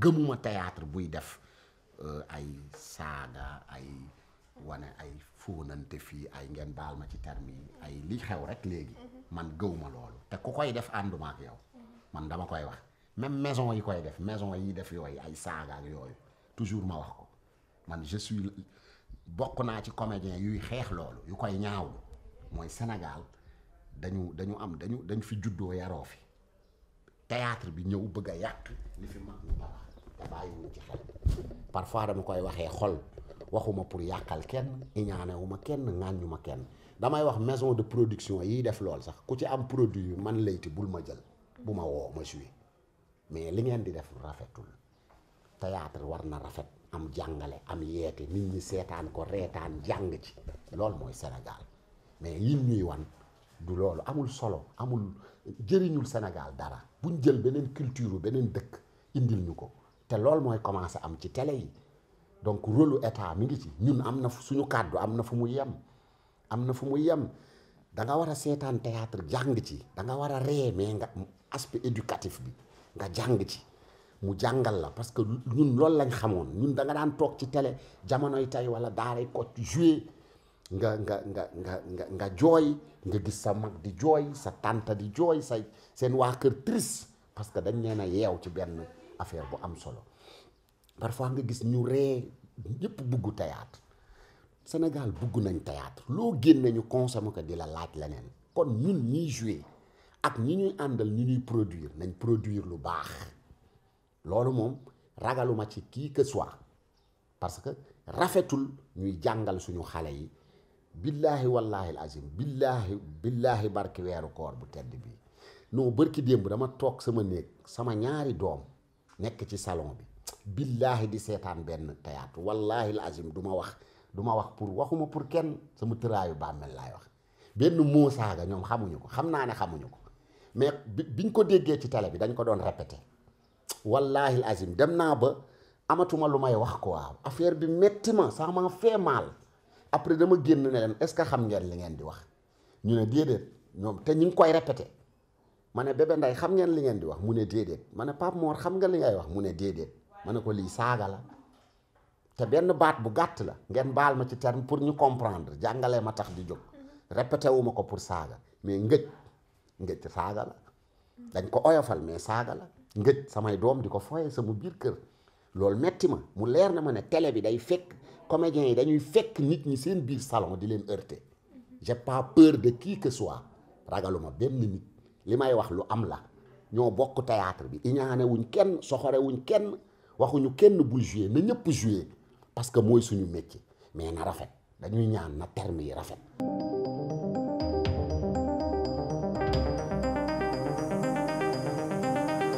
gëmuma théâtre buy def euh, ay saaga ay wane ay fóonante fii ay ngeen baal ma ci termi ay li xew rek léegi mhm. man gëwuma loolu te ku koy def ànduma ak yow mhm. man dama koy wax même maison yi koy def maison yi def yooyu ay saaga ak yooyu toujours ma wax ko man je bokk naa ci comédien yuy xeex loolu yu koy ñaawlu mooy Sénégal dañu dañu am dañu dañ fi juddoo yaroo fi théâtre bi ñëw bëgg a yàq li fi mag ñu baax bàyyiwuma ci xel parfois dama koy waxee xol waxuma pour yàqal kenn iñaanewuma kenn ŋàññuma kenn damay wax maison de production yiy def lool sax ku ci am produit bi man layti bul ma jël bu ma woo ma joué mais li ngeen di def rafetul théâtre war na rafet am jàngale am yeete nit ñi seetaan ko reetaan jàng ci loolu mooy Sénégal mais yin ñuy wan du loolu amul solo amul jëriñul Sénégal dara buñ jël beneen culture beneen dëkk indil ñu ko te loolu mooy commencé am ci tele yi donc rôle état mi ngi ci ñun am na fu suñu kàddu am na fu mu yem am na fu mu yem da nga war a seetaan théâtre jàng ci danga war a ree mais nga aspect éducatif bi nga jàng ci mu jàngal la parce que ñun loolu lañ xamoon ñun da nga daan toog ci tele jamonoy tay wala daaray ko joué nga nga nga nga nga nga jooy nga gis sa mag di jooy sa tante di jooy say seen waa kër triste parce que dañ leen a yeew ci benn affaire bu am solo parfois nga gis ñu ree ñëpp bugg théâtre senegal bugg nañ théâtre loo génn ñu consommé ko di la laaj leneen kon ñun ñuy jouer ak ñi ñuy àndal ñu ñuy produire nañ produire lu baax loolu moom ragaluma ci kii que soit parce que rafetul ñuy jàngal suñu xale yi billaahi wallaahi azim billaahi billaahi barki weeru koor bu tedd bii non barki démb dama toog sama néeg sama ñaari doom nekk ci salon bi billaahi di seetaan benn théâtre wallaahi azim du ma wax du ma wax pour waxuma pour kenn sama tëraayu bàmmeel laay wax benn moo saaga ñoom xamuñu ko xam naa ne xamuñu ko mais bi biñ ko déggee ci tale bi dañ ko doon répété wallaahi azim dem naa ba amatuma lu may wax ko waaw affaire bi metti ma ça m'a fait mal après dama génn ne leen est-ce que xam ngeen li ngeen di wax ñu ne déedéet ñoom te ñu ngi koy répété ma ne bébé nday xam ngeen li ngeen di wax mu ne déedéet ma ne Pape Mor xam nga li ngay wax mu ne déedéet ma ne ko lii saaga la te benn baat bu gàtt la ngeen baal ma ci terme pour ñu comprendre jàngalee ma tax di jóg répété wu ma ko pour saaga mais ngëj ngëj saaga la dañ ko oyofal mais saaga la ngëj samay doom di ko foye mu biir kër loolu metti ma mu leer ne ma ne télé bi day fekk comédiens yi dañuy fekk nit ñi seen biir salon di leen heurter j'ai pas peur de qui que soit ragaluma benn nit li may wax lu am la ñoo bokku théâtre bi iñaane wuñ kenn soxore wuñ kenn waxuñu kenn bul joué na ñëpp joué parce que mooy suñu métier mais na rafet dañuy ñaan na terme yi rafet